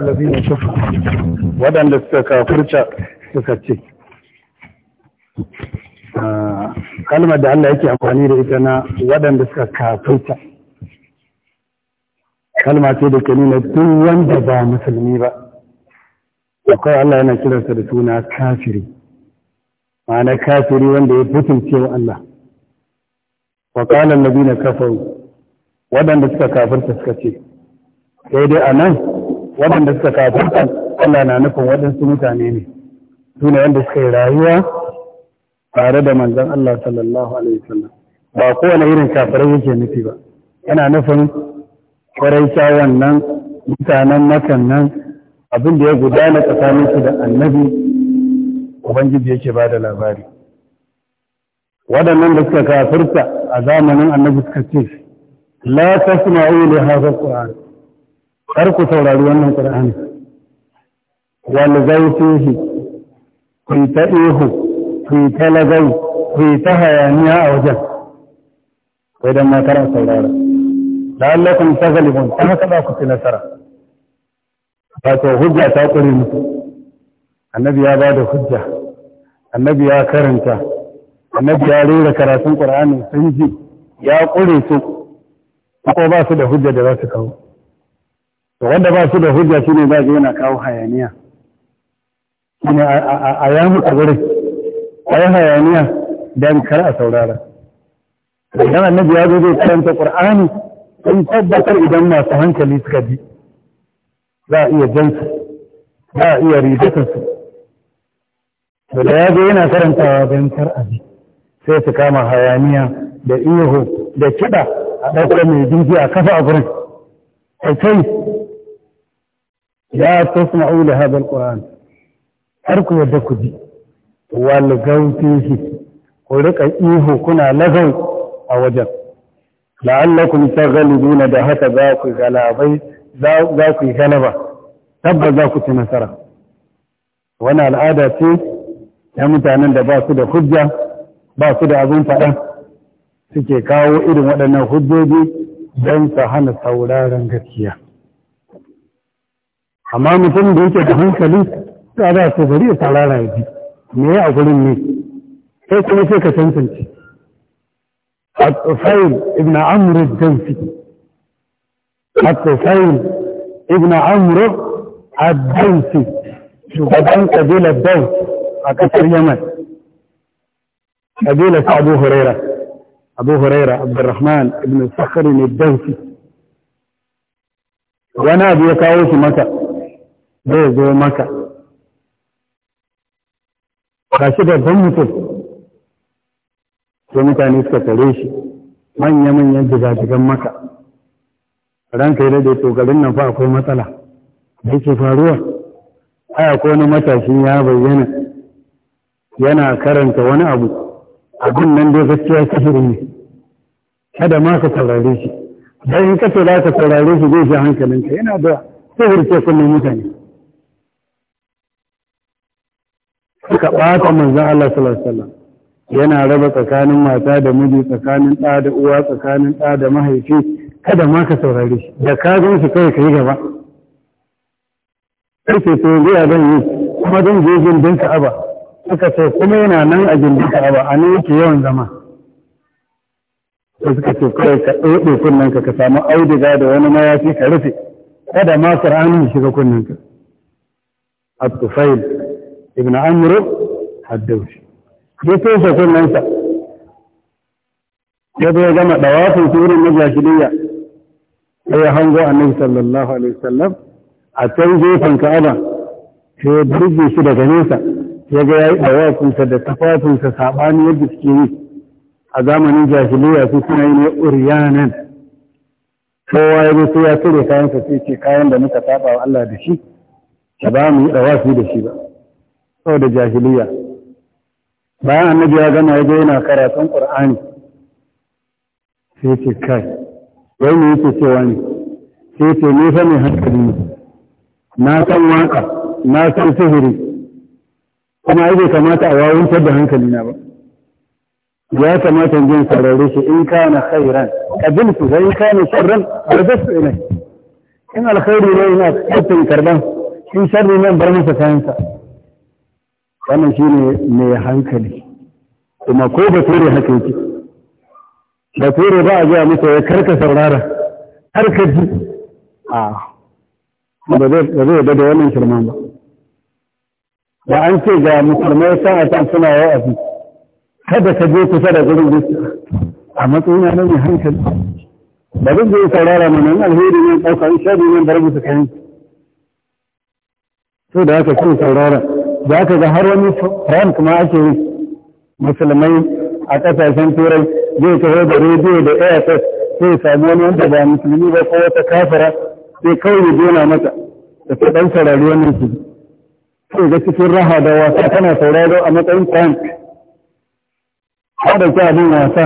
allazina kafaru wadanda suka kafurta suka ce kalmar da Allah yake amfani da ita na waɗanda suka kafurta kalma ce da ke nuna duk wanda ba musulmi ba akwai Allah yana kiransa da suna kafiri ma'ana kafiri wanda ya fitince wa Allah wa qala allazina kafaru waɗanda suka kafurta suka ce sai dai anan waɗanda suka kafirta Allah na nufin waɗansu mutane ne su ne wanda suka yi rayuwa tare da manzan Allah sallallahu alaihi wasallam ba kowane irin kafirai yake nufi ba yana nufin kwarai wannan mutanen makan nan abin da ya gudana tsakanin su da annabi ubangiji yake ba da labari waɗannan da suka kafirta a zamanin annabi suka ce la tasma'u li hadha kar ku saurari wannan qur'ani wal zaitihi ku ta ihu ku ta lagai ku ta hayaniya a wajen kai dan matar saurara la'allakum taghlibun ta haka ba ku ci nasara wato hujja ta kure muku annabi ya bada hujja annabi ya karanta annabi ya rera karatun qur'ani sun ji ya kure su ko ba su da hujja da za su kawo wanda ba su da hujja shi za zai yana kawo hayaniya shine a yamu a yi ai hayaniya don kar a saurara idan annabi ya zo zai karanta ƙur'ani, in tabbatar idan masu hankali suka bi za a iya jansu za a iya ridatarsu to da ya zo yana karantawa don kar a bi sai su kama hayaniya da ihu da kiɗa a ɗaukar mai jinji a kafa a gurin a kai لا تصنعوا لهذا القرآن أركوا يدكوا دي والغو فيه ورقا إيه كنا لغو أوجه لعلكم تغلبون ده هكا ذاك غلابي ذاك غلبة تبا ذاك تنسرة وانا العادة تي يا mutanen da ba su da hujja ba su da abin faɗa suke kawo irin waɗannan hujjoji don su amma mutum da yake da hankali za za su bari ya tarara ya ji me ya a gurin ne sai kuma sai ka tantance a ibn amuru danfi a tsofayin ibn amuru a danfi shugaban kabilar daus a ƙasar yaman kabilar sa abu huraira abu huraira abdurrahman ibn sakhari ne danfi wani abu ya kawo shi maka zai zo maka ga shi babban mutum sai mutane suka tare shi manya-manyan jigajigan maka ranka yi da to nan fa akwai matsala da yake faruwa ai akwai wani matashi ya bayyana yana karanta wani abu abin nan dai gaskiya sihiri ne kada ma ka saurare shi dan in za ka saurare shi zai shi hankalinka yana da sihirce kunnen mutane suka ɓata manzan Allah sallallahu yana raba tsakanin mata da miji tsakanin ɗa da uwa tsakanin ɗa da mahaifi kada ma ka saurare shi da ka gan shi kai kai gaba sai to zai zan yi kuma zan je gindin aba suka ce kuma yana nan a gindin aba a nan yake yawan zama sai suka ce kai ka ɗoɗe kunnanka ka ka samu auduga da wani mayafi ka rufe kada ma ƙur'ani shiga shiga ka at-tufail ibn amr ad-dawsi ya toshe kunnansa ya ya gama dawafin surin na jahiliya sai ya hango annabi sallallahu alaihi wasallam a can gefen ka'aba sai ya burge shi daga nesa ya ga yayi dawafinsa da tafafinsa sabani yadda suke yi a zamanin jahiliya su suna yi ne uriyanan kowa ya zo sai ya cire kayansa sai ce kayan da muka saba wa Allah da shi ba mu yi dawafi da shi ba Sau da jahiliya bayan annabi ya gama ya yana karatun qur'ani sai ce kai wai me yake cewa ne sai ce ni fa mai hankali ne na san waka na san sihiri kuma ya bai kamata a wawantar da hankali na ba ya kamata in jin sarare shi in kana khairan su wa in kana sharran ardastu ina in alkhairi ne ina kafin karban in sharri ne bar masa kayansa wannan shi ne mai hankali kuma ko bature haka yake bature ba a zuwa mutu ya karka saurara har ka ji a ba zai bada wannan shirman ba ba an ce ga musulmai san a san suna fi kada ka je kusa da gurin gaskiya a matsayin yanar mai hankali ba zai zai saurara mana alheri ne ɗaukar shaɗi ne bar musu kayan su da haka kun saurara za ka ga har wani frank ma ake yi musulmai a ƙasashen turai zai kawo da rediyo da afs sai sami wani wanda ba musulmi ba ko wata kafara sai kawai ya jona mata da ta ɗan sarari wannan shi. sai ga cikin raha da wasa kana sauraro a matsayin tank haɗa ki abin wasa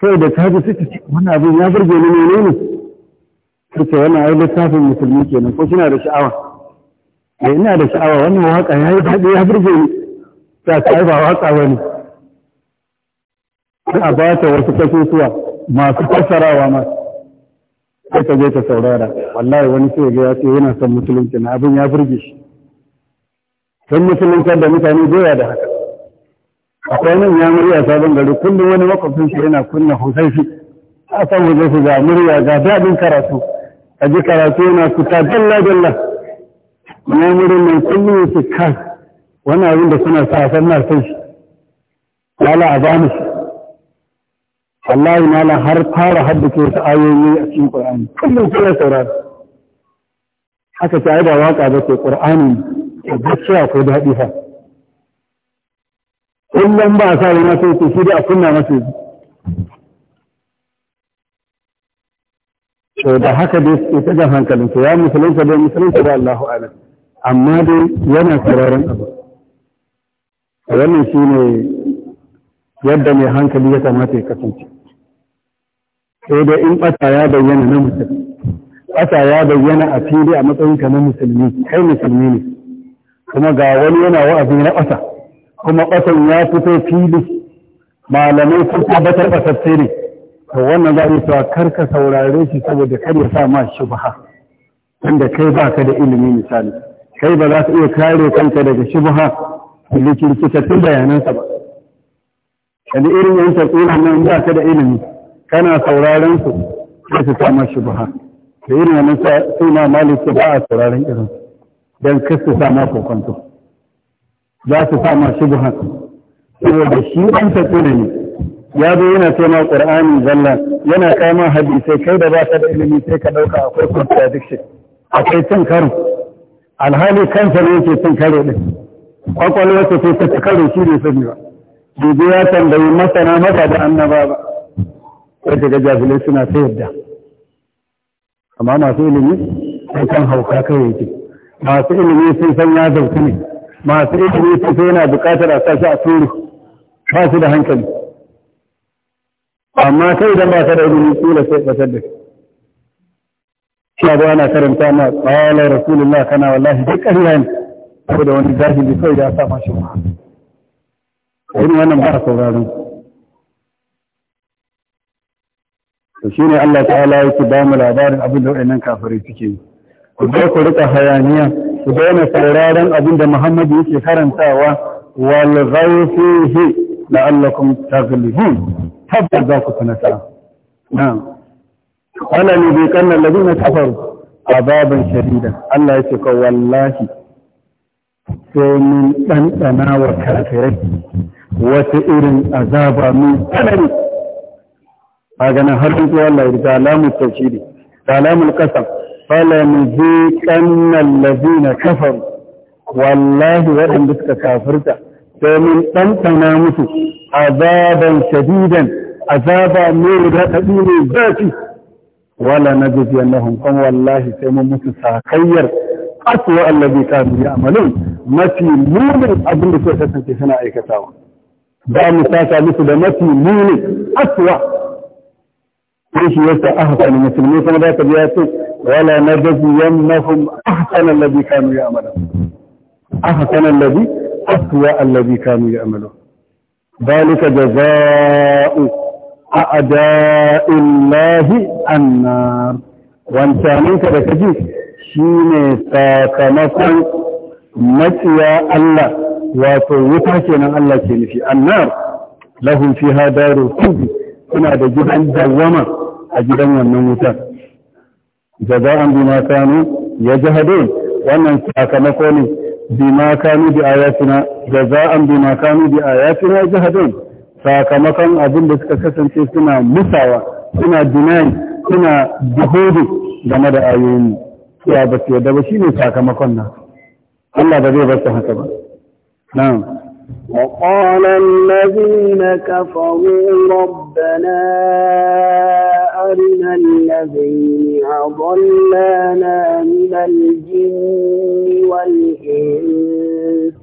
sai da ta ji suka ce wani abin ya burge ni ne ne su ce wannan ai littafin musulmi kenan ko kina da sha'awa da eh, ina da sha'awa wannan waka ya yi daɗi ya birge ni ta ta ba waka wani ne a ba ta wasu kasusuwa masu fassarawa ma sai ta je ta saurara wallahi wani sai ga ya ce yana son musulunci na abin ya birge shi sun musulunci da mutane doya da haka akwai nan ya murya sabon gari kullum wani makwabcin shi yana kunna husaifi a san husaifi ga murya ga daɗin karatu a ji karatu yana kuta dalla dalla mamurin nan kullum yake kan wani abin da suna sa san na san shi lala a bani shi wallahi mala har fara haddace wasu ayoyi a cikin qur'ani kullum sai saurara haka ta yi da waka da ke qur'ani da gaskiya ko haɗi fa kullum ba sa yana sai ku shi da a kunna masa to da haka dai su ta hankalin hankalinsu ya musulunta dai musulunta da Allahu alam amma dai yana sararin abu a wannan shi ne yadda mai hankali ya kamata ya kasance sai dai in ɓata ya bayyana na musulmi ɓata ya bayyana a fili a matsayinka na musulmi kai musulmi ne kuma ga wani yana wa'azi na ɓata kuma ɓatan ya fito fili malamai sun tabbatar ɓatacce ne to wannan za a yi cewa kar ka saurare shi saboda kar ya sa ma shubha tunda kai baka da ilimi misali kai ba za ka iya kare kanka daga shubha da kirkitattun bayanansa ba yanzu irin yan tsuna nan ba ka da ilimi kana sauraron su sai su sama shubha da irin wannan suna maliki ba a sauraron irin don kar su sama kokonto za su sama shubha saboda shi an tsuna ne ya zo yana ce ma qur'ani zalla yana kama hadisai kai da ba ka da ilimi sai ka ɗauka akwai duk shi. akwai cin karin alhali kansa ne yake son kare din kwakwalwa ta ce ta kare shi ne sani ba dubu ya tambayi masana mata da annaba ba sai daga jahilai suna ta yadda amma masu ilimi sai kan hauka kai yake masu ilimi sun san ya zauki ne masu ilimi sun sai yana bukatar a sashi a turu ba su da hankali amma kai idan ba ka da ilimi kila sai ba da shi cewa ba ana karanta ma tsawalar rasulullah kana wallahi duk ƙarfiyan ko da wani jahili kai da sa mashi ba irin wannan ba a sauraron to ne Allah ta'ala yake ba mu labarin abin da wayannan kafirai suke yi ku ga ku rika hayaniya ku daina sauraron abin da Muhammadu yake karantawa wal ghayfihi la'allakum taghlibun tabbas za ku tunata na'am wannan ne bai kannan labi na kafaru azaban shadida Allah ya ce ka wallahi sai mun ɗanɗana wa kafirai wata irin azaba mun tsanani a ganin har duk Allah ya ga alamun tafsiri da alamun kasam fala mu zai kannan labi na kafaru wallahi waɗanda suka kafirta sai mun ɗanɗana musu azaban shadidan azaba mai raɗaɗi mai zafi wala na jiziyar lahun kuma wallahi sai mun musu sakayyar asuwa allabi ta biya amalin mafi munin abin da suka kasance suna aikatawa ba mu saka musu da mafi munin aswa. sai shi yasa ahsan musulmi kuma da ka biya ce wala na jiziyar lahun ahsan allabi kanu ya amala. amalin ahsan allabi asuwa allabi kanu ya amalin ذلك جزاء a'da'illahi annar wancanin ka da kaji ne sakamakon maciya Allah wato wuta kenan Allah ke nufi annar lahum fiha darul khuld suna da gidan dawama a gidan wannan wutar jaza'an bima kanu yajhadun wannan sakamako ne bima kanu bi ayatina jaza'an bima kanu bi ayatina yajhadun sakamakon abin da suka kasance suna musawa suna dinai suna juhudu game da ayoyin ya ba su yadda ba shi ne sakamakon na Allah ba zai bar haka ba na'am وقال الذين كفروا ربنا أرنا الذين أضلانا من الجن والإنس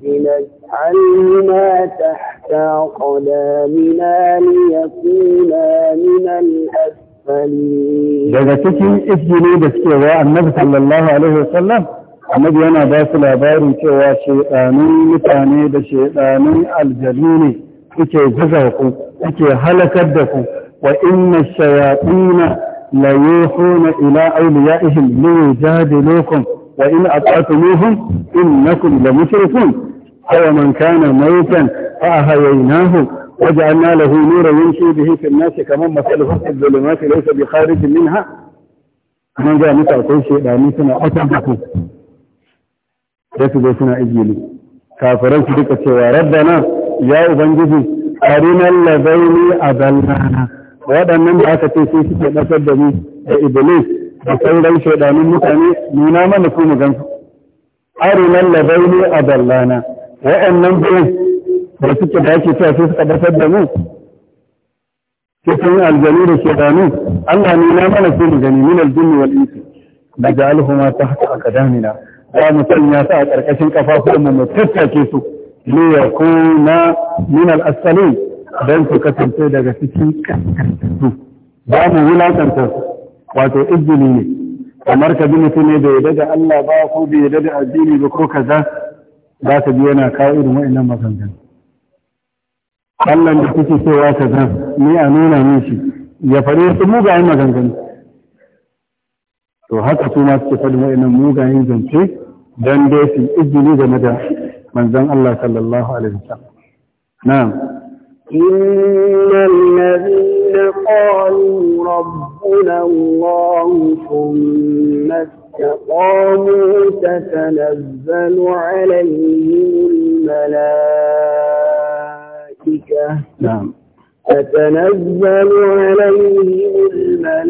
واجعل ما تحت قدامنا ليكونا من الأسفلين daga cikin isgili da suke wa annabi sallallahu alaihi wasallam annabi yana ba su labarin cewa shaidanun mutane da shaidanun aljanu ne suke guza ku suke halakar da ku wa inna shayatina la yuhuna ila awliyaihim li yujadilukum wa in ata'tumuhum innakum la أو من كان ميتا فأهيناه وجعلنا له نورا يمشي به في الناس كمن مثله في الظلمات ليس بخارج منها من جاء متعطي شيئا سنة أتعبكم sai suna izgili kafiran su duka cewa rabbana ya ubangiji arinal ladaini adallana waɗannan da aka ce sai suke nasar da mu da iblis da sauran shaidanin mutane nuna mana su mu gansu arinal wa'annan biyan da suke da yake cewa sai suka barkar da mu cikin aljanu da shedanu Allah ne na mana sai mu gani min aljinni wal insi ta ja'alhuma tahta aqdamina Ba mu ya sa a karkashin kafafun mu mu tattake su ya kuna min al asfalin dan su kasance daga cikin kaskantattu ba mu su wato izini ne kamar ka bi mutum ne da ya daga Allah ba ko bai daga addini ba ko kaza za ka ji yana kawo irin wa'annan maganganu Allah da kuke cewa ka zan ni a nuna min shi ya fare su mugayen maganganu to haka su ma suke faɗin wa'annan mugayen zance don dai su izini game da manzon Allah sallallahu alaihi wasallam na'am إن الذين قالوا ربنا الله ثم استقاموا تتنزل عليهم الملائكة نعم تتنزل عليهم الملائكة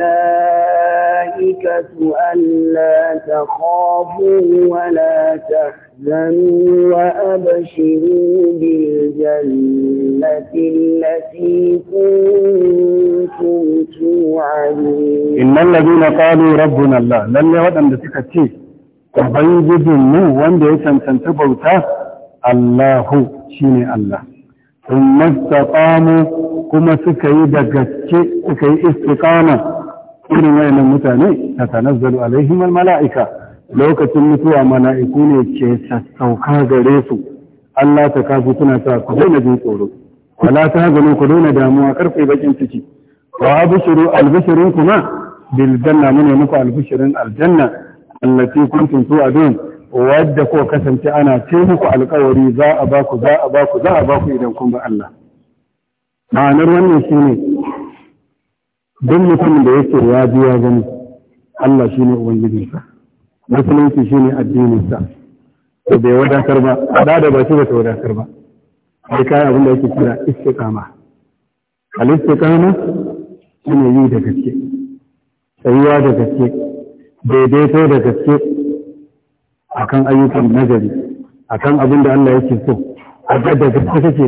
ألا تخافوا ولا تحزنوا وأبشروا بالجنة التي كنتم توعدون إن الذين قالوا ربنا الله لن يودن بسكتي وبنجد منه وان يسن تنتبوتا الله شيني الله in mastaqamu kuma suka yi da gaske suka yi istikama. irin wayannan mutane tatanazzalu alaihim almalaika lokacin mutuwa mala'iku ne ke sassauka gare su Allah ta kafu suna sa ku daina jin tsoro wala ta gano ku daina damuwa karfe bakin ciki wa abshiru albashirun kuma bil janna mune muku albashirin aljanna allati kuntum tu'adun wadda ko kasance ana ce muku alkawari za a ba ku za a ba ku za a ba ku idan kun ba Allah ma'anar wannan shi ne duk mutumin da yake ya ji ya gani Allah shi ne ubangijinsa musulunci shi ne addininsa to bai wadatar ba da da ba shi ba ta wadatar ba sai kayan abin da yake kira istiqama al istiqama shi ne yi da gaske tsayuwa da gaske daidaito da gaske akan ayyukan nazari akan abin da Allah yake so a gada da kake yi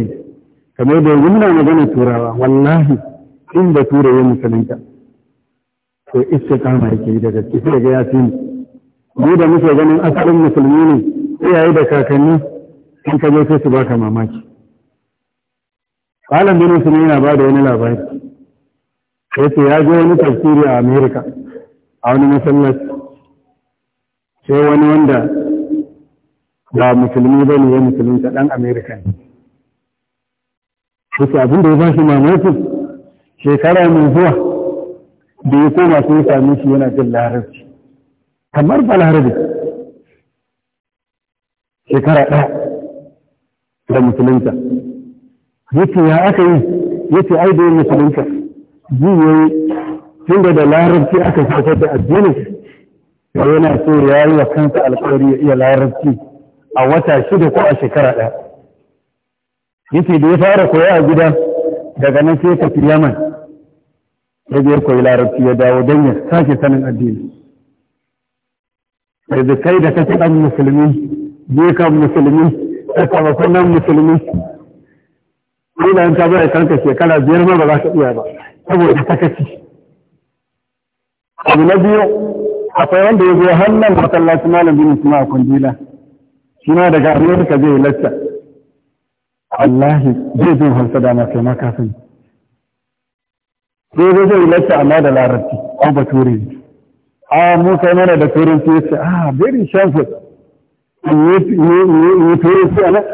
kamar da yanzu muna magana turawa wallahi in da tura ya musulunta to istiqama yake yi da gaske sai ga ya fi mu da muke ganin asalin musulmi ne iyaye da kakanni in ka zo sai su baka mamaki Malam bin Usman yana ba da wani labari. Sai ya je wani tafsiri a Amerika a wani masallaci sai wani wanda ba musulmi ba ne ya ta ɗan amerika ne abin da ya bashi mamaki shekara mai zuwa da ya koma sai ya shi yana jin larabci kamar ba larabci shekara ɗaya da musulunta yace ya aka yi yace ai da musulunta ji yayi tun da larabci aka fitar da addinin yana so ya yi wa kansa alkawari ya iya larabci a wata shida ko a shekara ɗaya yace da ya fara koya a gida daga nan sai tafi yaman ya je koyi larabci ya dawo don ya sake sanin addini da kai da kake ɗan musulmi je ka musulmi ka kama nan musulmi ina in ka bai kanka shekara biyar ma ba za ka iya ba saboda ta sakaci abu na biyu akwai wanda ya zo hannun masallaci malam bin suna a kundila shi na daga amerika zai lacca wallahi zai zo hansa da na kai maka sani sai zai zai lacca amma da larabci ba turi a mu kai mana da turanci su yace A ah, very shameful yi turanci a nan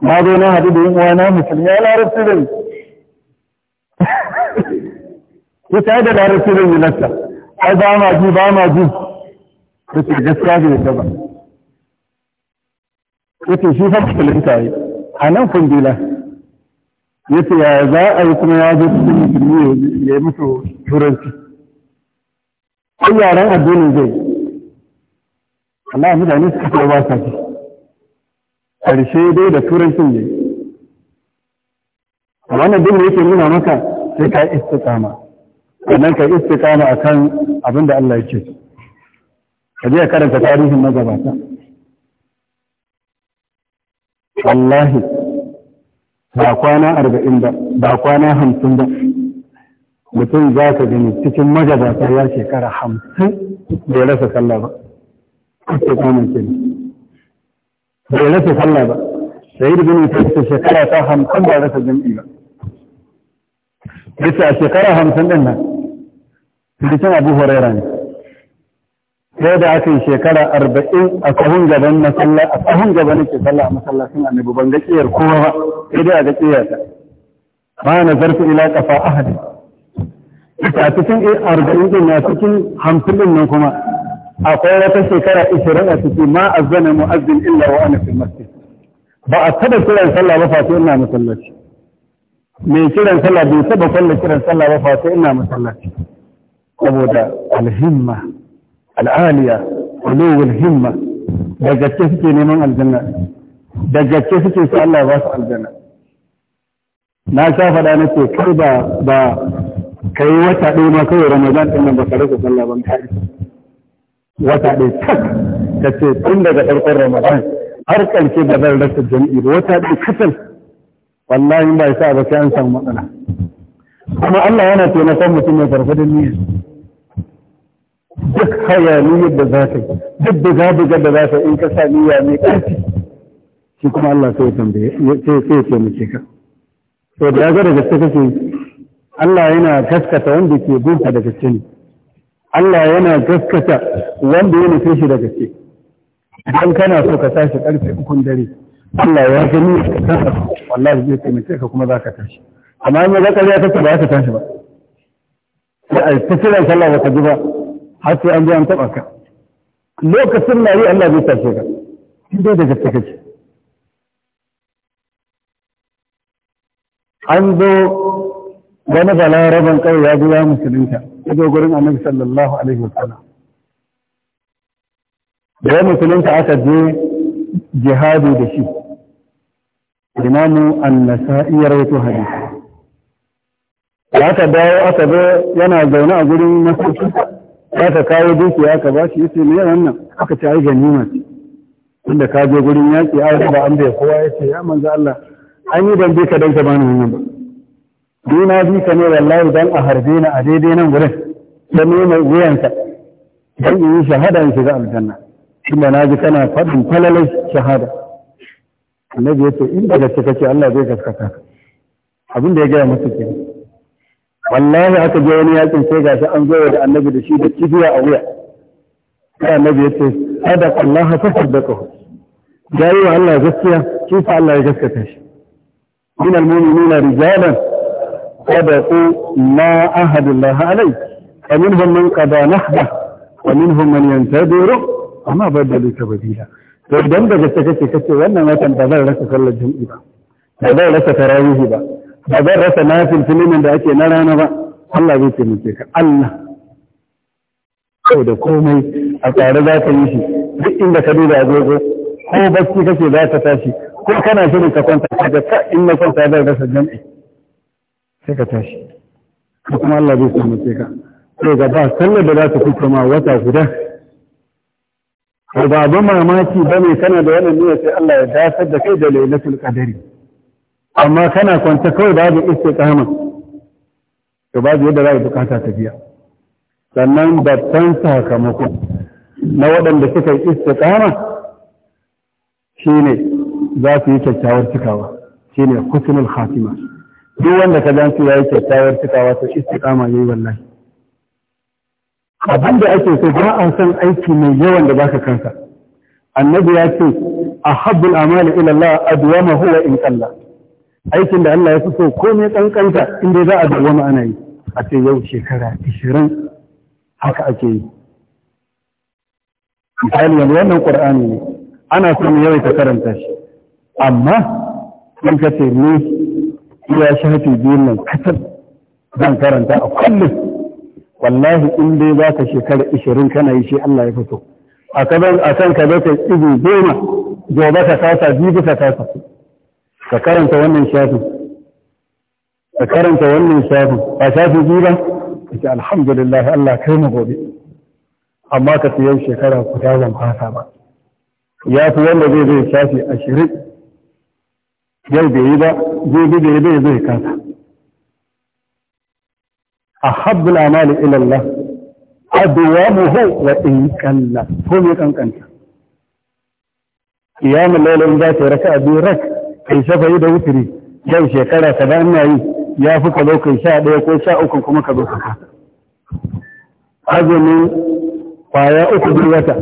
ma zo na haɗu da yin uwa na musulmi ya larabci da ni yi da larabci da ni lacca ai ba ma ji ba ma ji ta ce gaskiya bai yadda ba ya ce shi fa musulunta yi a nan kundila ya ce ya za a yi kuma ya zo cikin musulmi ya yi musu turanci ai yaran addinin zai Allah mutane suka ce ba sa ji karshe dai da turancin ne a wannan dinne yake nuna maka sai ka istiqama sannan ka istiqama akan abin da Allah ya ce ka je karanta tarihin magabata wallahi ba kwana arba'in ba ba kwana hamsin ba mutum za ka gani cikin magabata ya shekara hamsin bai rasa sallah ba ake kwanan ke bai rasa sallah ba sai da gani ta shekara ta hamsin ba rasa jam'i ba bisa shekara hamsin din nan rikicin abu huraira ne sai da aka yi shekara arba'in a sahun gaban masalla a sahun gaban ke sallah a masallacin annabi ban ga kiyar kowa ba sai dai a ga kiyar ta ma zarfi ila qafa ahad a cikin arba'in din na cikin hamsin din nan kuma akwai wata shekara ishirin a ciki ma a zana mu'azzin illa wa ana fil masjid ba a taba kiran sallah ba fa ina masallaci mai kiran sallah bai taba kwalla kiran sallah ba fa ina masallaci saboda alhimma al'aliya ulowul himma da gaske suke neman aljanna da gaske suke su Allah ba su aljanna na sha faɗa na ce kai ba ba kai wata ɗaya ma kawai ramadan ɗin nan ba ka rasa sallah ban kai wata ɗaya tak ka ce tun daga farkon ramadan har ƙarshe ba zan rasa jami'i ba wata ɗaya katal wallahi ba ya sa ba sai an samu matsala kuma Allah yana taimakon mutum mai farfadin niyyar. duk hayaniyar da za ta yi duk da buga buga da za ta in ka sa niyya mai ƙarfi shi kuma Allah sai ya tambaye sai sai ya taimake ka to da ga daga cikin kake Allah yana gaskata wanda ke gunta daga cikin Allah yana gaskata wanda yana nufe shi daga cikin idan kana so ka tashi karfe ukun dare Allah ya gani ka wallahi zai taimake ka kuma za ka tashi amma in ya ga ƙarya ta ba za ka tashi ba sai a ta kiran sallah ba ka ji ba har sai an ji an taba ka lokacin na yi Allah zai tashe ka inda da gaske kake an zo wani rabon kai ya zo ya musulunta ya zo gurin annabi sallallahu alaihi wasallam da ya musulunta aka je jihadi da shi imamu annasa'i ya rawaito hadisi ya aka dawo aka zo yana zaune a gurin masauki ya ka kawo dukiya ka ba shi yace me wannan aka ci ai ganima ce tunda ka je gurin yaki ai ba an bai kowa yace ya manzo Allah an yi dambe ka dan ka bani wannan ba ni na bi ka ne wallahi dan a harbe na a daidai nan gurin dan ne mai ka. dan yi shahada in shiga aljanna tunda na ji kana faɗin falalai shahada annabi yace in daga ce Allah zai gaskata abin da ya gaya masa kenan wallahi aka je wani yakin sai ga shi an zo da annabi da shi da kibiya a wuya sai annabi ya ce sadaka Allah fa sadaqahu jayi wa Allah gaskiya shi fa Allah ya gaskata shi min almu'minina rijalan sadaqu ma ahadullah alai fa minhum man qada nahba wa minhum man yantadiru amma ka tabdila to idan daga take kace wannan watan ba zan rasa sallar jami'i ba ba zan rasa tarawihi ba ba zan rasa na filfilin da ake na rana ba Allah zai taimake ka Allah sau da komai a tsare za ka yi shi duk inda ka duba zozo ko bacci kake za ka tashi ko kana shirin ka kwanta ka ga ka in na kwanta zan rasa jam'i sai ka tashi ko kuma Allah zai taimake ka sai ga ba sallar da za ta fito ma wata guda ko ba mamaki bane kana da wannan niyyar sai Allah ya dasar da kai da lailatul qadari amma kana kwanta kawai babu istiqama to babu yadda za a bukata ta biya sannan babban sakamako na waɗanda suka yi shi shine za su yi kyakkyawar cikawa shine husnul khatima duk wanda ka gan su ya yi kyakkyawar cikawa to istiqama yayi wallahi abin da ake so ba a san aiki mai yawan da baka kansa annabi ya ce ahabbul amali ila Allah adwama huwa in kalla. aikin da Allah ya fi so ko komai kankanta inda za a dawwama ana yi a ce yau shekara 20 haka ake yi misali yanzu wannan qur'ani ne ana so mu yawaita karanta shi amma in ka ce ni iya shafi biyun nan kasar zan karanta a kullum wallahi in dai za ka shekara 20 kana yi shi Allah ya fi so a kan ka zai ka izu goma gobe ka kasa biyu ka kasa ka karanta wannan shafi ka karanta wannan shafi ba shafi biyu ba ka alhamdulillah Allah kai mu gobe amma ka ce yau shekara ku ta zan fasa ba ya fi wanda zai zai shafi ashirin yau bai yi ba bi bai bai zai kasa a habbul amali ilallah adwamuhu wa in kalla ko me kankanta qiyamul layl in za ta raka'a biyu raka'a kai yi da wuturi yau shekara ka da ina yi ya fi ka zo kai sha ɗaya ko sha uku kuma ka zo ka azumin kwaya uku duk wata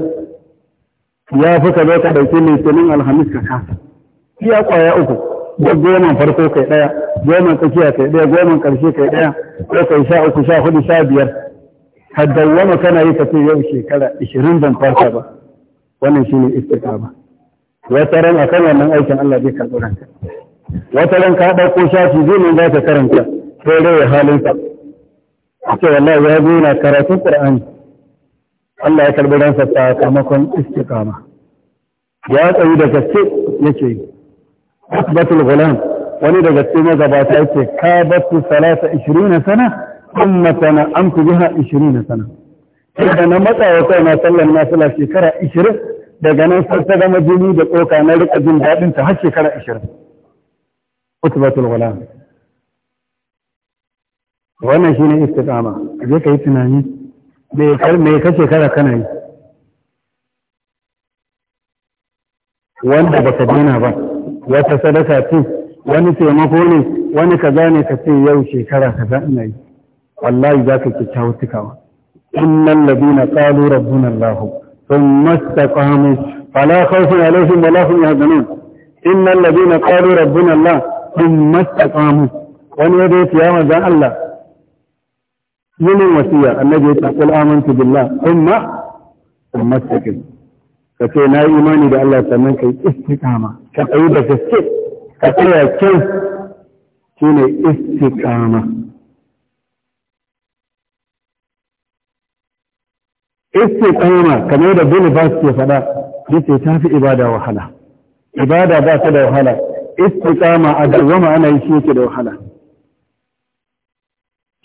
ya fi ka zo ka ɗauki litinin alhamis ka kasa iya kwaya uku duk goman farko kai ɗaya goman tsakiya kai ɗaya goman ƙarshe kai ɗaya ko kai sha uku sha hudu sha biyar ka kana yi ka ce yau shekara ishirin ban fasa ba wannan shine istiqama wata ran a kan wannan aikin Allah zai karɓi ranka wata ran ka ɗauko shafi zai za ka karanta sai rai halinsa a ce wallahi ya zo na karatun Qur'ani Allah ya karɓi ransa sakamakon istiqama ya tsayi da gaske yake yi asbatul gulam wani da gaske magabata yake ka batu salata 20 sana amma sana amtu biha 20 sana sai da na matsa wa na sallan nafila shekara 20 daga nan sai ta gama jini da tsoka na rika jin daɗin ta har shekara 20 utbatul ghulam wannan shine istiqama je kai tunani me kar me ka shekara kana yi wanda baka dina ba wata sadaka ce wani taimako ne wani kaza ne ka ce yau shekara ka kaza ina yi wallahi za ka kyakkyawar tukawa innal ladina qalu rabbuna allah ثم استقاموا فلا خوف عليهم ولا هم يهزمون إن الذين قالوا ربنا الله ثم استقاموا wani ya zai ya manzan Allah yinin wasiya annabi ya ce kul amantu billah thumma ummastakin ka ce na yi imani da Allah sannan kai istiqama ka da gaske ka kyau shine istiqama istiqama kamar da bin bas ke faɗa yace ta fi ibada wahala ibada ba ta da wahala istiqama a dawama ana yi shi yake da wahala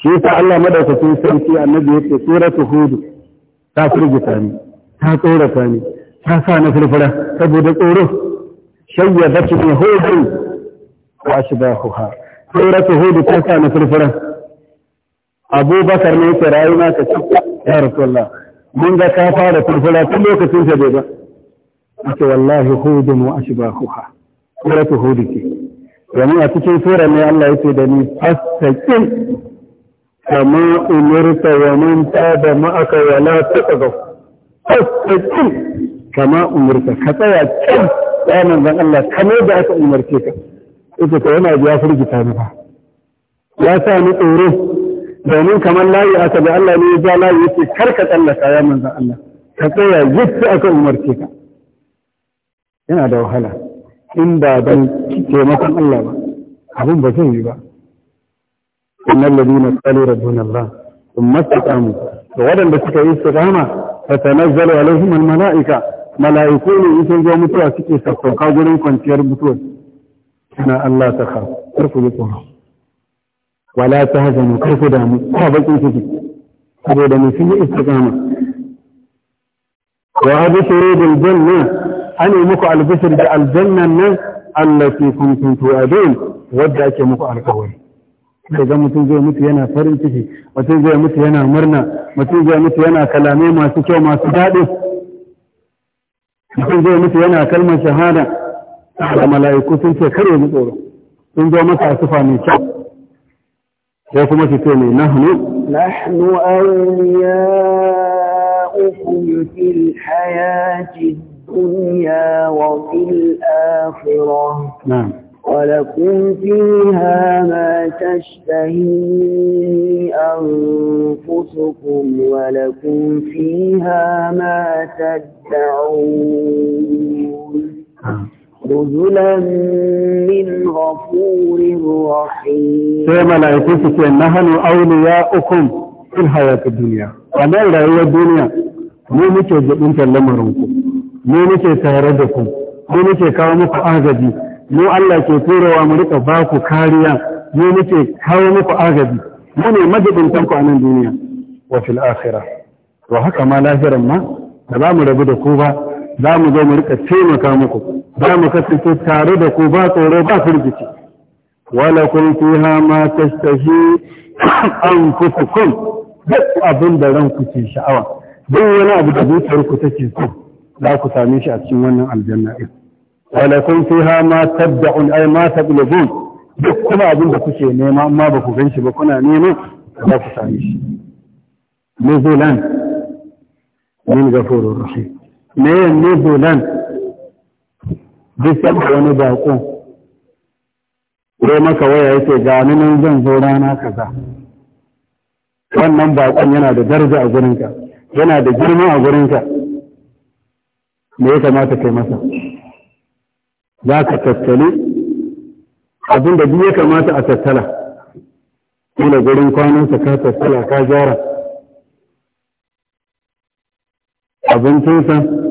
shi yasa Allah madaukakin sarki annabi yake suratu hud ta firgita ni ta tsorata ni ta sa na firfira saboda tsoro shayyabat ne hud wa ashbahuha suratu hud ta sa na firfira abubakar ne yake rayuwa ta ce ya rasulullah mun ga ka fara furfura tun lokacin ta bai ba A ce wallahi hudun wa kura suratu hudu ke domin a cikin sura ne Allah yake da ni fastaqim kama umirta wa man da ma'aka wa la tsaga fastaqim kama umirta ka tsaya kan ya zan Allah kame da aka umarce ka ita ta yana biya furgita ba ya sa ni tsoro domin kamar layi asabe, da Allah ne ya ja layi yake kar ka tsallaka ya manzan Allah ka tsaya yadda aka umarce ka yana da wahala in ba ban taimakon Allah ba abin ba zai yi ba innal ladina qalu rabbuna Allah thumma istaqamu to wadanda suka yi istiqama fatanazzalu alaihim malaika malaiku ne in sun zo mutuwa suke sassauka gurin kwanciyar mutuwa suna Allah ta karku yi tsoro wala ta hazanu kar ku damu ko bakin ciki saboda mu sun yi istiqama wa abshiru bil janna yi muku albishir da aljanna nan allati kuntum tu'adun wadda ake muku alƙawari ga mutum zai mutu yana farin ciki mutum zai mutu yana murna mutum zai mutu yana kalamai masu kyau masu daɗi mutum zai mutu yana kalmar shahada da mala'iku sun ce kare mu tsoro sun zo masa sufa mai kyau وكما نحن نحن أولياؤكم في الحياة الدنيا وفي الآخرة نعم ولكم فيها ما تشتهي أنفسكم ولكم فيها ما تدعون نزلا من غفور رحيم sai mala'iku su ce na hannu auliya ukun fil hayati duniya a nan rayuwar duniya mu muke jibintar lamarinku ni muke tare da ku ni muke kawo muku agaji mu Allah ke turowa mu rika ba ku kariya ni muke kawo muku agaji mu ne majibintan ku a nan duniya wa fil akhirah wa haka ma lahiran ma da ba mu rabu da ku ba za mu zo mu rika taimaka muku za mu kasance tare da ku ba tsoro ba firgici wala kun fiha ma tastahi anfusukum duk abin da ranku ke sha'awa duk wani abu da zuciyarku take so za ku same shi a cikin wannan aljanna din wala kun fiha ma tad'un ay ma tablubun duk kuma abin da kuke nema amma ba ku ganshi ba kuna nema za ku same shi nuzulan min ghafurur rahim na yin nan bisa da wani bako ko maka waya yake ga zan zo rana kaza wannan bakon yana da daraja a gurinka yana da girma a gurinka me ya kamata kai masa za ka tattali abin da duk ya kamata a tattala kila gurin kwanansa ka tattala ka gyara abincinsa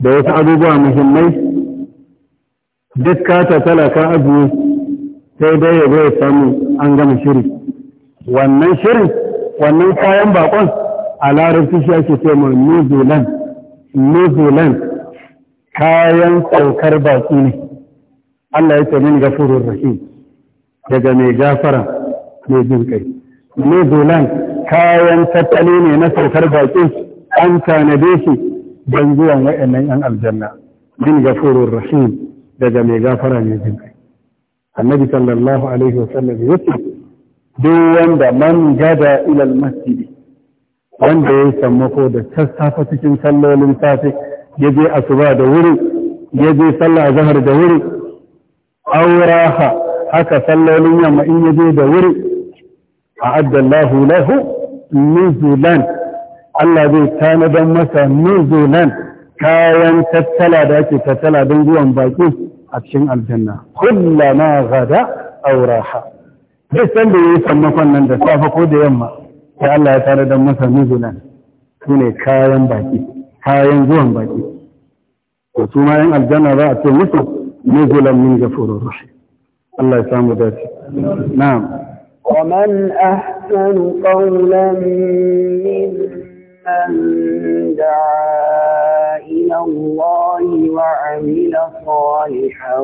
da wasu abubuwa muhimmai duk kata talaka azumi sai dai ya ya samu an gama shiri wannan shirin wannan kayan bakon a larabci shi ake ce ma nuzulan nuzulan kayan saukar baki ne Allah ya ce min gafurur rahim daga mai gafara mai jin kai nuzulan kayan tattali ne na saukar baki an tanade shi don zuwan waɗannan yan aljanna bin gafurur rahim daga mai gafara ne jin kai annabi sallallahu alaihi wasallam ya ce duk wanda man gada ilal masjidi wanda ya sammako da sassafe cikin sallolin safe ya je asuba da wuri ya je sallah zahar da wuri auraha haka sallolin yamma in ya je da wuri a'adda Allahu lahu nuzulan Allah zai tanadan masa nuzulan kayan tattala da ake tattala don zuwan baki a cikin aljanna kullama gada auraha duk sanda yayi sammakon nan da safa ko da yamma sai Allah ya tanadan masa nuzulan sune kayan baki kayan zuwan baki to su ma yan aljanna za a ce musu nuzulan min ghafurur rahim Allah ya samu dace na'am ومن أحسن قولا ممن من دعا إلى الله وعمل صالحا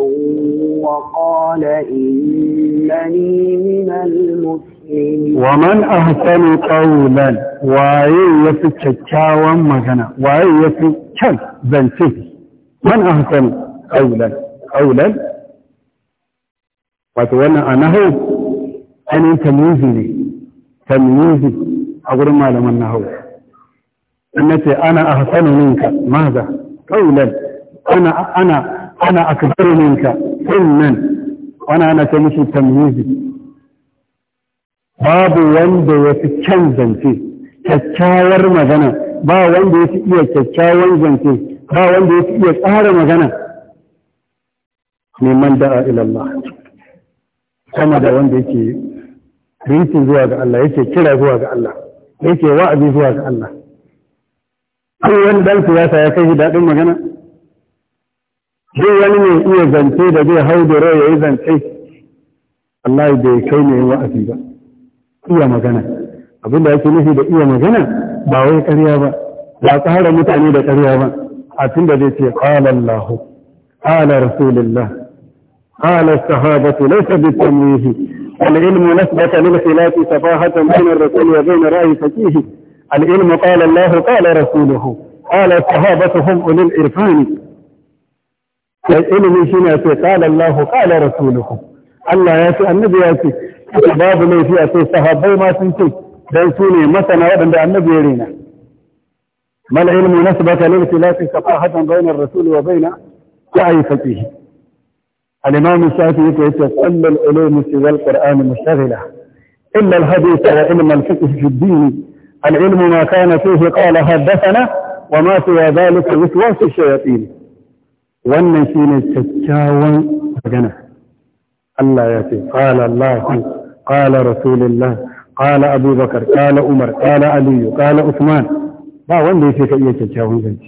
وقال إنني من المسلمين ومن أحسن قولا وعي يفتشاوا مغنا وعي بل فيه من أحسن قولا قولا وتولى أنه أن تمييزي تمييزي أقول ما لمن نهوه التي أنا أحسن منك ماذا قولا أنا ana أنا أكبر منك سنا وأنا أنا تمشي تمييزي babu wanda ya fi can zance kyakkyawar magana ba wanda ya fi iya kyakkyawan zance ba wanda ya fi iya tsara magana neman da'a ilallah sama da wanda yake Rinkin zuwa ga Allah yake kira zuwa ga Allah yake wa'azi zuwa ga Allah duk wani dan siyasa ya kai shi daɗin magana duk wani mai iya zance da zai hau da ya yi zance Allah bai kai ne wa'azi ba iya magana abinda yake nufi da iya magana ba wai ƙarya ba ba tsara mutane da ƙarya ba a tun da zai ce qala Allah qala rasulullah qala sahabatu laysa bitamwihi al-ilmu nasbata lil khilafi safahatan bayna ar-rasul wa bayna ra'yi faqihi العلم قال الله قال رسوله قال صحابتهم أولي الإرفان العلم هنا قال الله قال رسوله الله يأتي النبي يأتي الشباب لي في أتي صحابي ما سنتي بيسوني مثلا وابن دع النبي يرينا ما العلم نسبة للخلاف صفاحة بين الرسول وبين وعي الإمام الشافعي يقول يتسلل العلوم سوى القرآن مشتغلة إلا الحديث وإما الفقه في الدين العلم ما كان فيه قال حدثنا وما سوى ذلك وسواس الشياطين wannan shi ne kyakkyawan magana Allah ya ce qala Allah qala rasulullah qala Abu Bakar qala Umar qala Ali qala Usman ba wanda yake ka iya kyakkyawan zance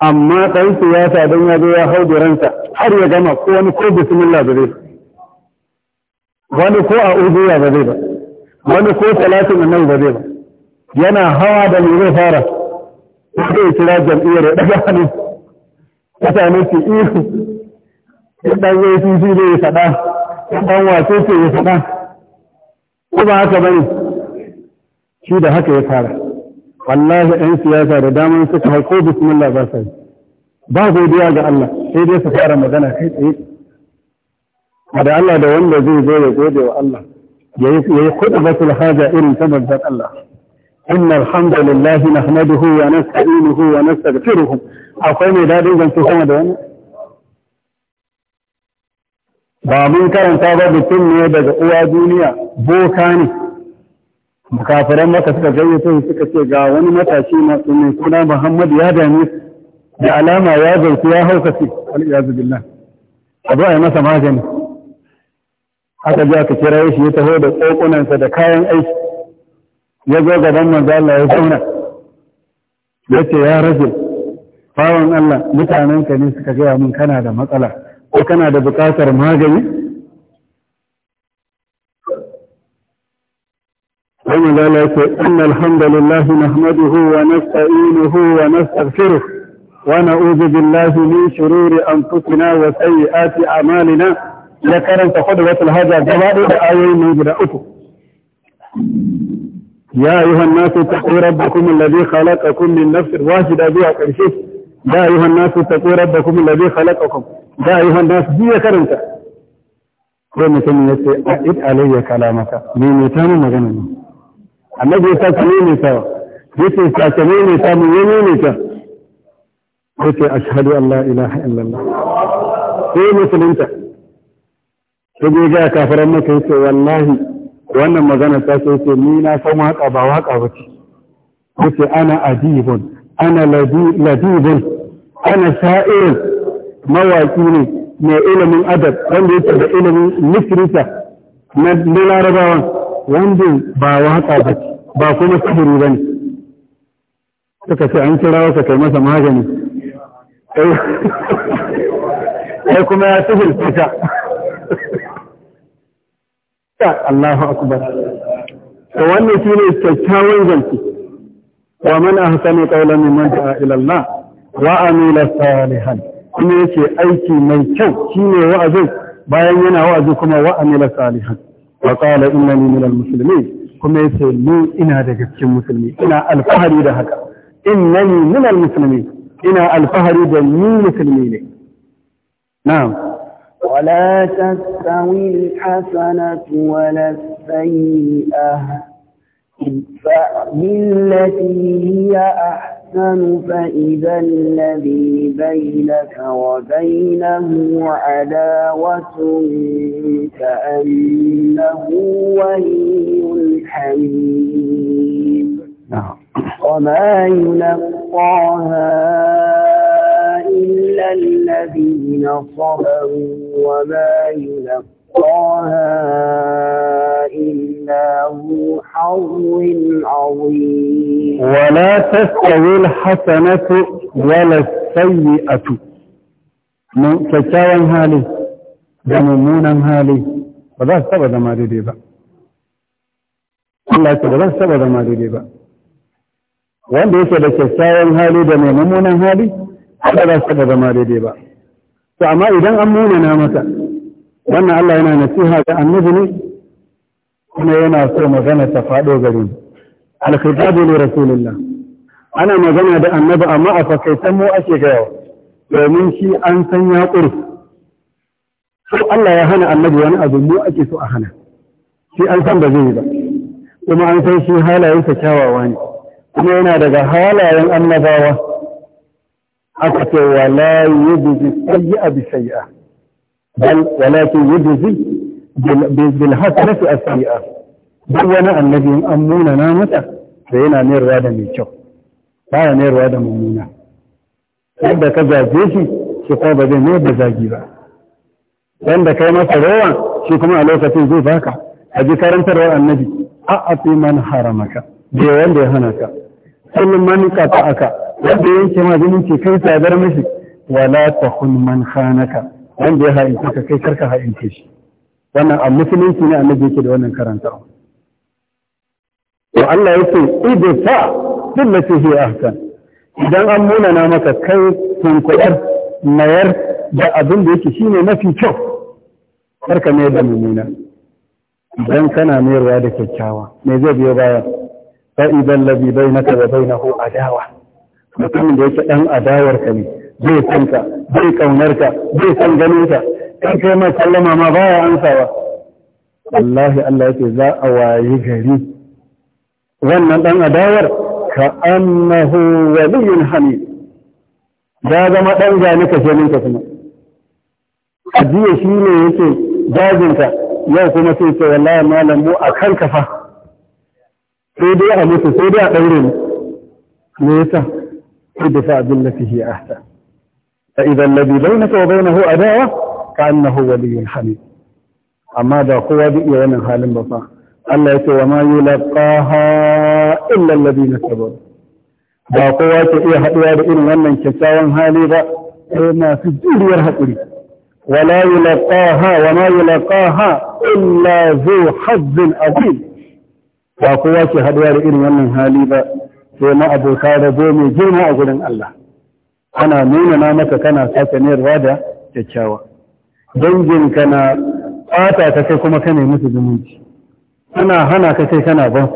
amma ɗan siyasa don ya zo ya hau duransa har ya gama ko wani ko bismillah zai wani ko a ba wani ko talatin a nan ba ba yana hawa da mai zai fara zai kira jam'iyyar ya ɗaga hannu mutane su ihu in ɗan zai sun shi zai faɗa ɗan wato ce ya faɗa ko ba haka bane shi da haka ya fara wallahi ɗan siyasa da daman suka hau ko bismillah ba sa yi ba godiya ga Allah sai dai su fara magana kai tsaye da Allah da wanda zai zo ya gode wa Allah yayi khutbatul haja irin ta manzon Allah inna alhamdulillahi nahmaduhu wa nasta'inuhu wa nastaghfiruh akwai mai dadin zance sama da wannan ba karanta ba mutum ne daga uwa duniya boka ne kafiran maka suka gayyato suka ce ga wani matashi na mai suna Muhammad ya dame da alama ya zauki ya hauka ce al'iyazu a yi masa magani aka ji aka kira shi ya taho da kokunansa da kayan aiki ya zo gaban manzo Allah ya zauna ya ce ya rasu. bawan Allah mutanenka ne suka gaya mun kana da matsala ko kana da buƙatar magani ومن ذلك أن الحمد لله نحمده ونستعينه ونستغفره ونعوذ بالله من شرور أنفسنا وسيئات أعمالنا ya karanta qudwatul haja gaba ɗaya da ayoyi ne guda uku ya yi ayyuhan nasu taqu rabbakum alladhi khalaqakum min nafsin wahida zuwa ƙarshe ya yi ayyuhan nasu taqu rabbakum alladhi khalaqakum ya yi ayyuhan su biya karanta sai mutum ya ce a it alayya kalamaka me ne ta mu magana ne annabi ya sake ne ne ta yace sake ne ne ta mu ne ne ta yace ashhadu an la ilaha illallah sai musulunta sai je ga kafiran maka yace wallahi wannan magana ta ce yace ni na san waka ba waka ba ce yace ana adibun ana ladibun ana sha'ir mawaki ne mai ilimin adab wanda yake da ilimin misrita na larabawan wanda ba waka ba ce ba kuma sihiri ba ne suka ce an kira wasa kai masa magani ai kuma ya sihirta Allahu akbar to wannan shine kyakkyawan zance wa man ahsanu qawlan mimman da'a ila Allah wa amila salihan kuma aiki mai kyau shine wa'azi bayan yana wa'azi kuma wa amila salihan wa qala innani muslimin kuma yace ni ina daga cikin musulmi ina alfahari da haka innani muslimin ina alfahari da ni musulmi ne na'am ولا تستوي الحسنة ولا السيئة ادفع بالتي هي أحسن فإذا الذي بينك وبينه عداوة كأنه ولي حميم نعم. وما يلقاها إلا الذين صبروا وما يلقاها إلا هو حظ عظيم ولا تستوي الحسنة ولا السيئة من كتاوى هالي وممونا هالي وذا سبب ما دي با Allah ce ba za su taba zama daidai ba. Wanda yake da kyakkyawan hali da mai mummunan hali, ba za su taɓa zama daidai ba to amma idan an munana masa wannan Allah yana nasiha ga annabi ne kuma yana so magana ta faɗo gare ni alkhitabu ne rasulillah ana magana da annabi amma a fakaitan mu ake gaya yawa domin shi an san ya ƙuri. so Allah ya hana annabi wani abu mu ake so a hana shi an san ba zai yi ba kuma an san shi halayensa kyawawa ne kuma yana daga halayen annabawa aka ce wala yujzi sayyi'a bi sayyi'a bal walakin yujzi bil hasanati as a? duk wani annabi in an muna na mata da yana nerwa da mai kyau ya nerwa da mummuna yadda ka zage shi shi kuma ba zai ne da zagi ba wanda kai masa rawa shi kuma a lokacin zai baka a ji karantarwar annabi a afi man haramaka bai wanda ya hana ka kullum man kafa aka wanda yanke ma zumunci kai sadar mashi wala ta hun man khanaka wanda ya ha'ince ka kai karka ha'ince shi wannan a musulunci ne annabi yake da wannan karanta to Allah yake idfa billati hi ahsan idan an munana maka kai tunkuyar mayar da abin da yake shine mafi kyau karka mai da mummuna idan kana mayarwa da kyakkyawa me zai biyo baya fa idan ladhi bainaka wa bainahu adawa mutumin da yake ɗan adawar ka ne zai san ka zai kaunar ka zai san ganin ka kan kai mai sallama ma baya amsawa. wallahi Allah yake za a waye gari wannan ɗan adawar ka annahu waliyun hamid ya zama ɗan gani ka ka kuma ajiye shi ne yake jajinka yau kuma sai ce wallahi malam mu a kan kafa sai dai a mutu sai dai a daure mu me yasa ادفع بالتي هي أحسن فإذا الذي بينك وبينه اداه كأنه ولي حميد أما ذا بئي بإيوان خال بطا الله يتوى ما يلقاها إلا الذين كبروا ذا قوى إيه حدوى بإن ومن كساوا حالي ذا ما في الدنيا الهكري ولا يلقاها وما يلقاها إلا ذو حظ عظيم ذا قوة حدوى بإن ومن حالي ذا sai ma abota rabo mai girma a gurin Allah ana nuna na maka kana sake nayarwa da kyakkyawa ka na ɓata ka kai kuma ka nemi zumunci ana hana ka kai kana ban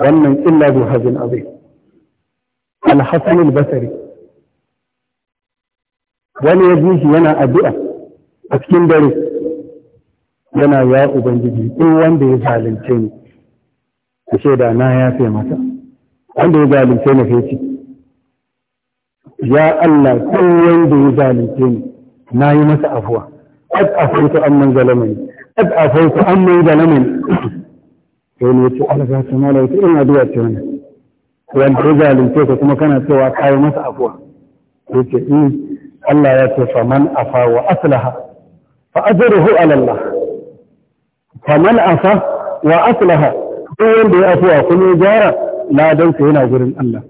wannan illa bi hazin azim al-hasan al wani ya ji shi yana addu'a a cikin dare yana ya ubangiji in wanda ya zalunce ni ka ce da na yafe mata wanda ya zalunce na feci ya Allah kan wanda ya zalunce ni na yi masa afuwa qad afaitu amman zalamani qad afaitu amman zalamani sai ne yace Allah ya tsama da in addu'a ce wannan wanda ya zalunce ka kuma kana cewa yi masa afuwa yace in eh, Allah ya ce fa faman afa wa aslaha fa ajruhu ala Allah faman afa wa aslaha duk wanda ya afuwa kuma ya gyara ladansa yana gurin Allah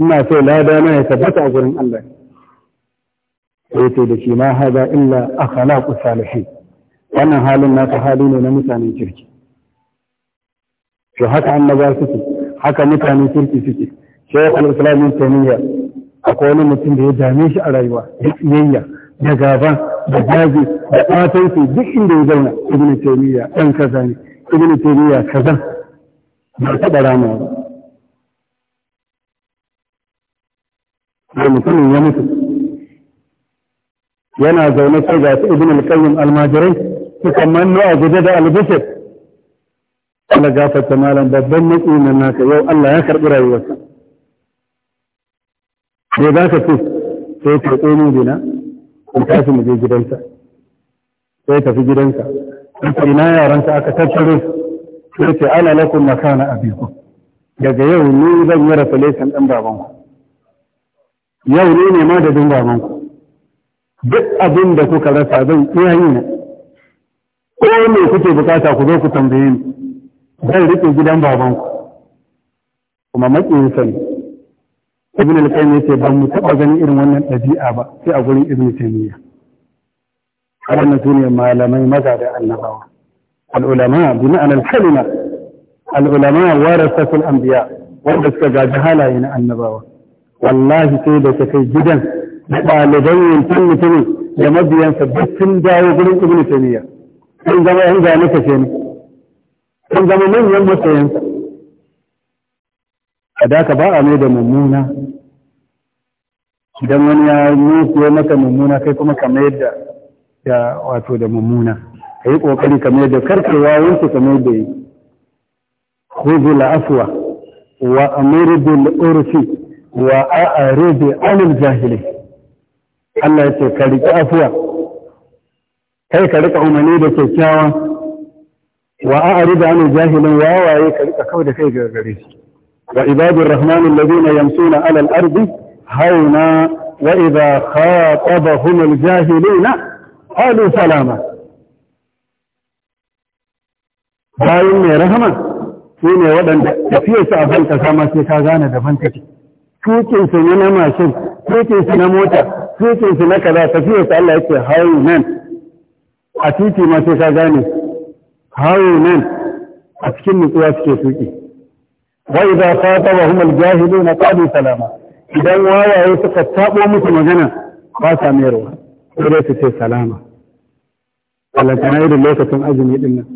ina so ladana ya tabbata a gurin Allah sai ce da shi ma haza illa a akhlaqu salihin wannan halin nasa hali ne na mutanen kirki to haka annaba suke haka mutanen kirki suke shaykhul al-islam ibn taymiya akwai wani mutum da ya dame shi a rayuwa da tsiyayya da gaba da jaji da fatansu duk inda ya zauna ibn taymiya dan kaza ne ibn taymiya kaza ba taɓa rama ba da mutumin ya mutu yana zaune sai ga su ibn al-qayyim almajirai suka manno a guje da albishir Allah gafarta malam babban matsi na naka yau Allah ya karɓi rayuwarsa sai za ka ce sai ka tsaye bina in tashi mu je gidansa sai tafi gidansa ina yaranka aka tattare su ya ce ana lakun makana abikum daga yau ni zan yi ɗan baban babanku yau ni ne ma da din babanku duk abin da kuka rasa zan iya yi ne ko me kuke bukata ku zo ku tambaye ni zan rike gidan babanku kuma maƙiyinsa sani. ibn al-qayyim yace ban mu taɓa ganin irin wannan ɗabi'a ba sai a gurin ibn taymiya har na malamai maza da annabawa العلماء بمعنى الكلمة العلماء ورثة الأنبياء ورثة جاجها لا ينعى النبوة والله سيدة في جدا بقى لدين تن تن يمضي ينسبت تن جاو بل ابن تنية تن جاو ان جانك تن تن جاو من يمس ينسب أداك باء ميدا ممونا دمون يا نوت يومك ممونا كيكما كميدا يا واتو دمونا ka yi ƙoƙari kamar da karkewa wanke kamar da yi hudu la'afuwa wa amiru bil urfi wa a'ari bi anil jahili Allah ya ce ka riƙi afuwa kai ka riƙa umarni da kyakkyawa wa a'ari da anil jahilin wawaye ka riƙa kawai da kai ga wa ibadur rahmanin ladina yamsuna alal ardi hauna wa idza khatabahum al jahilina qalu salama bayan mai rahama su ne waɗanda su a ban ƙasa ma sai ka gane daban take su ne na mashin su na mota su na kaza su Allah ya ce nan a titi ma sai ka gane hayo nan a cikin nutsuwa suke tuki wa idza qataba hum al na qalu salama idan wayaye suka tabo musu magana ba sa mayarwa sai su ce salama Allah ta yi da lokacin azumi din nan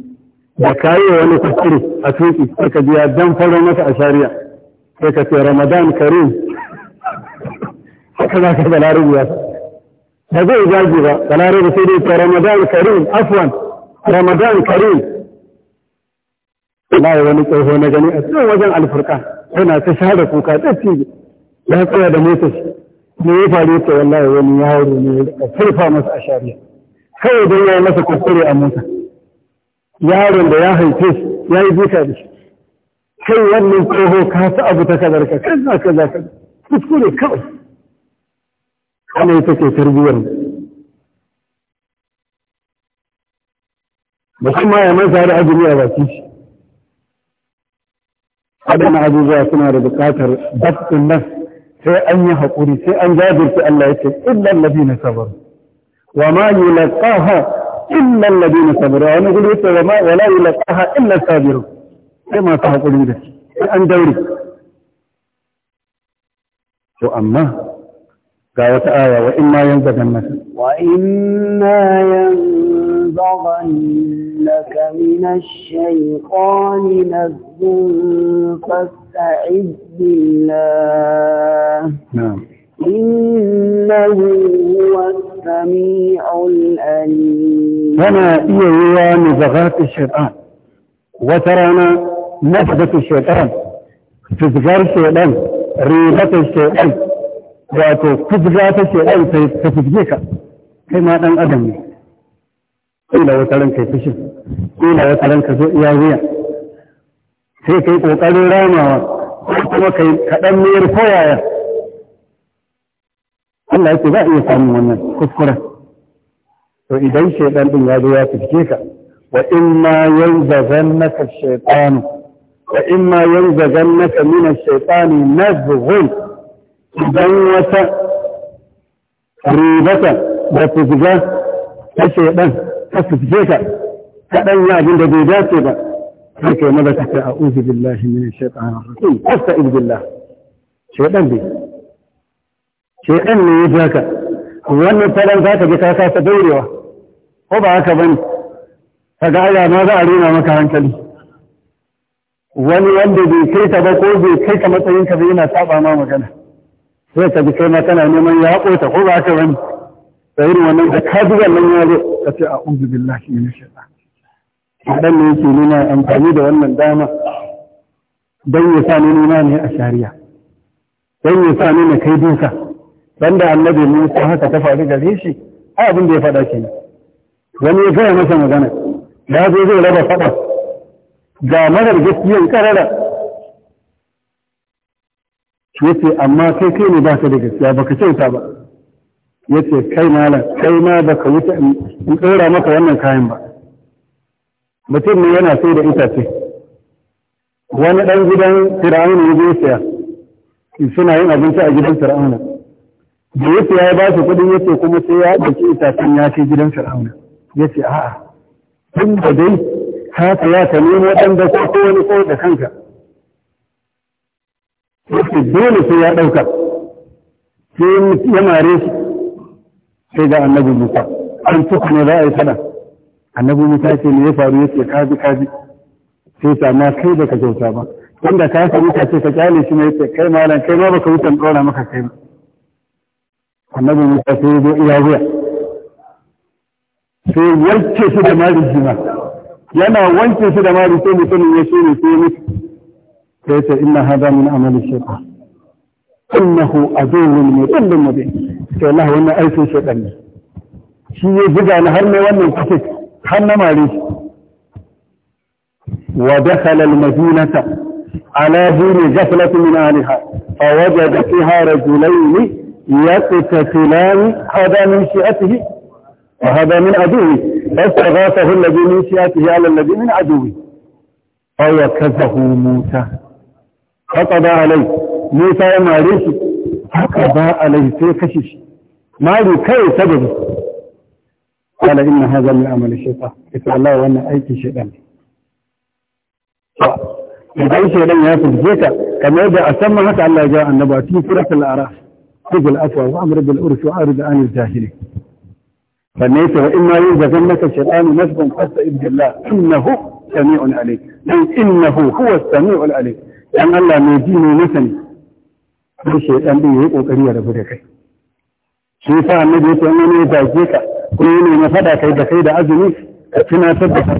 da kayi wa wani kuskure a tuki sai ka biya dan faro masa a shari'a sai ka ce ramadan karim haka za ka balarabu ya ba zai jaji ba balarabu sai dai ta ramadan karim afwan ramadan karim wallahi wani tsoho na gani a cikin wajen alfurka yana ta share kuka tsaci ya tsaya da motar ne ya faru ta wallahi wani yaro ne ya furfa masa a shari'a kawai don ya masa kuskure a motar yaron da ya haife ya yi duka da shi kai wannan tsoho ka ta abu ta kazar ka za kaza kaza kaza kuskure kawai ana ita ce tarbiyyar musamman ya manta da azumi a baki shi waɗannan abubuwa suna da buƙatar dabtin nan sai an yi haƙuri sai an jajirce Allah ya ce illa allazi na sabar wa ma yulaqaha إلا الذين صبروا أنا قلت وما ولا يلقاها إلا الصابرون كما تقول إذا أن دوري تو أما قالت آية، وإما ينبغنك وإما ينبغنك من الشيطان نزغ فاستعذ بالله نعم إنه هو السميع العليم هنا يويا نزغات الشيطان وترانا نفذة الشيطان فزغار الشيطان ريبة الشيطان وأتو فزغات الشيطان فتفجيك كما أن أدمي إلا وطلن كيف شف إلا وطلن كيف يويا في كيف وطلن راما وكيف كأمير فوايا Allah yake za a iya samun wannan kuskuren to idan shaidan din ya zo ya fice ka wa imma yanzaghannaka shaytan wa imma yanzaghannaka min ash-shaytani nazghun idan wata ribata da fuzga ta shaidan ta fice ka kaɗan ya abin da bai dace ba sai kai maza ka ce a'udhu billahi min ash-shaytanir rajim asta'id billah shaidan bai ɗan ne ya fi haka. wannan salon za ka gita ka kasa daurewa ko ba haka ta ga ala ma za a rena maka hankali wani wanda bai kai ta ba ko bai kai ta matsayin ka zai yana saba ma magana sai ka bi kai ma kana neman ya ta. ko ba haka ne ta yi wannan da ka ji wannan ya zo ka ce a'udhu billahi minash shaitan shaidan ne yake nuna amfani da wannan dama don ya sa ni nuna ne a shari'a don ya sa ni na kai duka banda annabi Musa haka ta faru gare shi ai abin da ya faɗa ke wani ya gaya masa magana da zo zai raba faɗa ga marar gaskiyan karara ce amma kai kai ne ba ka da gaskiya ba ka kyauta ba yace kai malam kai ma ka wuce in ɗora maka wannan kayan ba mutum ne yana sai da itace wani ɗan gidan fir'auna ya je siya suna yin abinci a gidan fir'auna da yake ya ba su kuɗin yake kuma sai ya ɗauki itacen ya ce gidan fir'auna ce a'a tun da dai ka tsaya ka nemo ɗan da ko wani ko da kanka yace dole sai ya ɗauka sai ya mare shi sai ga annabi musa an tuka ne za a yi faɗa annabi musa ce ne ya faru ya ce kaji kaji sai ta ma kai baka kyauta ba wanda ka samu ka ce ka kyale shi ne ce kai malam kai ma ka wutan ɗora maka kai ba النبي محمد الى يضيع في وجه في مال الجماعة لما وجه في مال سيد سيد يسير سيد كيف إن هذا من عمل الشيطان إنه أدور من يطل النبي كي الله وإن أي شيء شيطان شيء يزجع نهر موان الكفك حن ماليش ودخل المدينة على دون غفلة من آلها فوجد فيها رجلين يقتتلان هذا من شيئته وهذا من عدوه فاستغاثه الذي من شيئته على الذي من عدوه فوكزه موسى فقضى عليه موسى يا معريش فقضى عليه في كشش مالي كي سبب قال إن هذا من عمل الشيطان يتوى الله وأنا أيك شيطان idan shaidan ya fuske ka kamar da a san haka Allah ya jawo annabi a cikin suratul araf تجي الأسوأ وأمر بالأرث وأرد عن الجاهلي فالنيت وإما يوجد أنك الشرآن نسبا فاستئذ الله إنه سميع عليك يعني إنه هو السميع عليك لأن يعني الله ميديني نسن بشيء أنبي يقول قرية لبريقه شيطاء النبي يقول أنني يجيك قل إني نفدا كيد خيد أزمي فما تبقى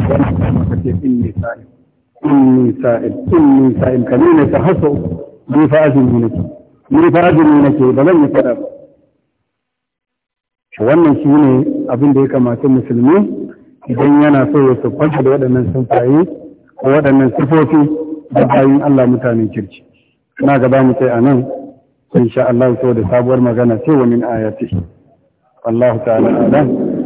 إني سائل إني سائل إني سائل كمين تحصل بفأزم منك ni farajin nake ba zan yi fada ba wannan shi ne abin da ya kamata musulmi idan yana so ya siffanta da waɗannan sunfaye ko waɗannan sifofi da bayan Allah mutane kirki na gaba mu sai anan insha Allah so da sabuwar magana sai wa min ayati Allah ta'ala alam